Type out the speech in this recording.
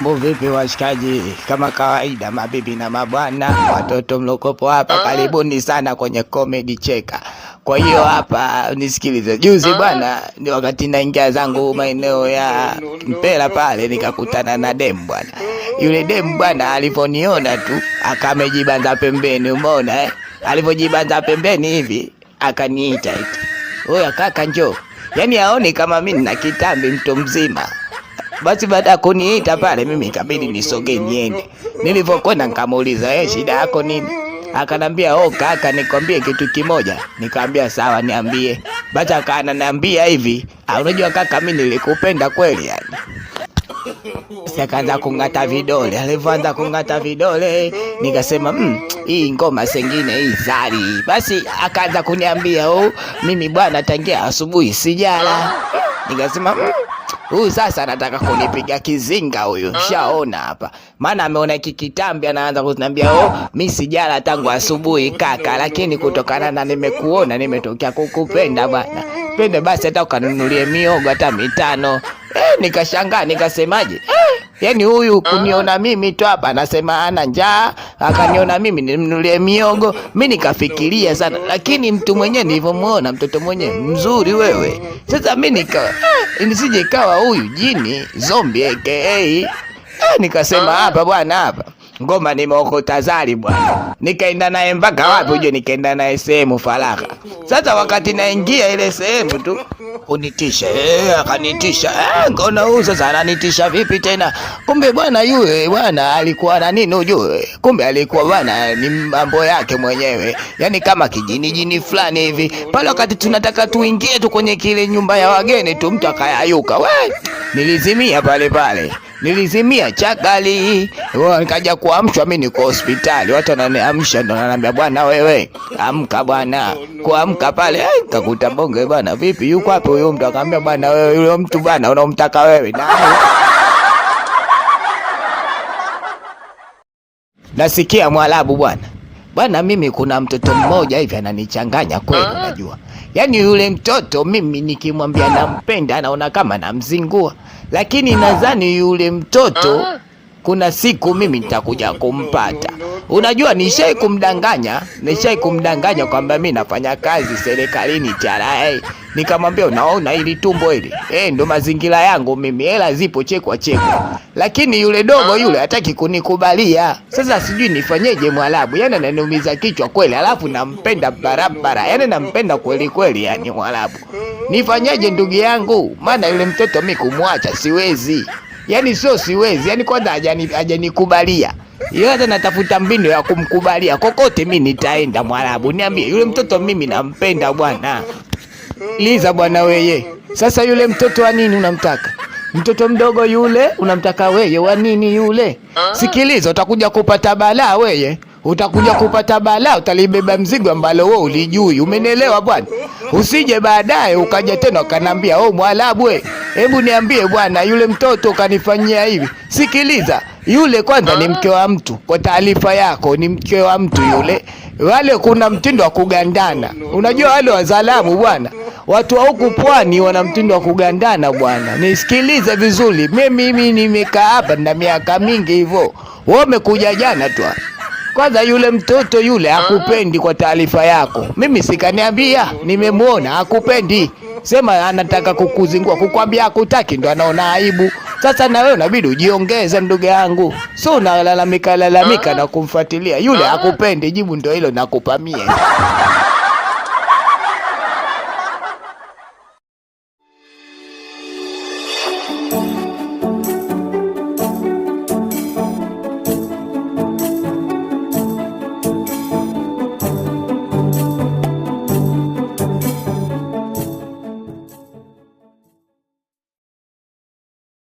Mambo vipi washikaji, kama kawaida, mabibi na mabwana, watoto mlokopo hapa, ah. karibuni sana kwenye Comedy Cheka. Kwa hiyo hapa nisikilize, juzi ah. bwana, ni wakati naingia zangu maeneo ya Mpela pale, nikakutana na demu bwana. Yule demu bwana alivyoniona tu akamejibanza pembeni, umeona eh? Alivyojibanza pembeni hivi akaniita oya kaka, njoo. Yani aone kama mimi nina kitambi, mtu mzima basi baada ya kuniita pale, mimi ikabidi nisogee niende. Nilivyokwenda nikamuuliza, eh, shida yako nini? Akanambia, oh kaka, nikwambie kitu kimoja. Nikamwambia sawa, niambie. Basi akananiambia hivi, unajua kaka, mimi nilikupenda kweli yani. Sikaanza kung'ata vidole, alivyoanza kung'ata vidole nikasema mm, hii ngoma sengine hii zari. Basi akaanza kuniambia oh, mimi bwana, tangia asubuhi sijala. Nikasema mm, Huyu sasa anataka kunipiga kizinga huyu. Ah. Shaona hapa. Maana ameona kikitambi, anaanza kuniambia, "Oh, mimi sijala tangu asubuhi kaka, lakini kutokana na nimekuona nimetokea kukupenda bwana. Pende basi hata ukanunulie miogo hata mitano." Eh, nikashangaa nikasemaje? Eh, yani huyu ah. kuniona mimi tu hapa anasema ana njaa, akaniona mimi nimnulie miogo. Mimi nikafikiria sana, lakini mtu mwenyewe nilivyomwona mtoto mwenyewe mzuri wewe. Sasa mimi nika eh, nisije kawa huyu jini zombie aka, eh, nikasema ah. hapa bwana hapa ngoma ni moko tazari bwana, nikaenda naye mpaka wapi uje, nikaenda naye sehemu faragha. Sasa wakati naingia ile sehemu tu kunitisha, eh, akanitisha eh, ngona huyu sasa ananitisha vipi tena? Kumbe bwana yule bwana alikuwa na nini ujue, kumbe alikuwa bwana ni mambo yake mwenyewe, yani kama kijini jini fulani hivi pale. Wakati tunataka tuingie tu kwenye kile nyumba ya wageni tu, mtu akayayuka, we nilizimia pale pale nilizimia chakali, nikaja kuamshwa. Mimi niko hospitali, watu wananiamsha, ndo wananiambia bwana, wewe amka bwana, kuamka pale eh, kakuta bonge bwana, vipi, yuko wapi huyo mtu? Akaambia bwana, wewe yule mtu bwana unamtaka wewe na nasikia mwalabu bwana, bwana, mimi kuna mtoto mmoja hivi ananichanganya kweli, ah. unajua Yaani yule mtoto mimi nikimwambia nampenda anaona kama namzingua, lakini nadhani yule mtoto kuna siku mimi nitakuja kumpata. Unajua, nishai kumdanganya, nishai kumdanganya kwamba mimi nafanya kazi serikalini TRA. Nikamwambia unaona hili tumbo hili eh, ndo mazingira yangu mimi, hela zipo chekwa chekwa, lakini yule dogo yule hataki kunikubalia. Sasa sijui nifanyeje, Mwarabu yani ananiumiza kichwa kweli, alafu nampenda barabara, yani nampenda kweli kweli, yani Mwarabu. Nifanyeje ndugu yangu, maana yule mtoto mimi kumwacha siwezi, yani sio siwezi, yani kwanza hajanikubalia yeye hata natafuta mbinu ya kumkubalia kokote, mi nitaenda Mwarabu, niambie yule mtoto mimi nampenda bwana. Liza bwana weye, sasa yule mtoto wa nini unamtaka? Mtoto mdogo yule unamtaka weye wa nini yule? Sikiliza, utakuja kupata balaa weye, utakuja kupata balaa, utalibeba mzigo ambalo wewe ulijui. Umenielewa bwana? Usije baadaye ukaja tena ukanambia oh, mwalabu we, hebu niambie bwana, yule mtoto ukanifanyia hivi. Sikiliza, yule kwanza ni mke wa mtu, kwa taarifa yako, ni mke wa mtu yule. Wale kuna mtindo wa kugandana, unajua wale wazalamu bwana Watu wa huku pwani wana mtindo wa kugandana bwana. Nisikilize vizuri, mimi nimekaa hapa na miaka mingi hivyo, wewe umekuja jana tu. Kwanza yule mtoto yule akupendi kwa taarifa yako. Mimi sikaniambia, nimemwona akupendi, Sema anataka kukuzingua, kukwambia akutaki ndo anaona aibu. Sasa na wewe unabidi ujiongeze, ndugu yangu, si unalalamika lalamika na kumfuatilia yule akupendi Jibu ndo hilo nakupamia.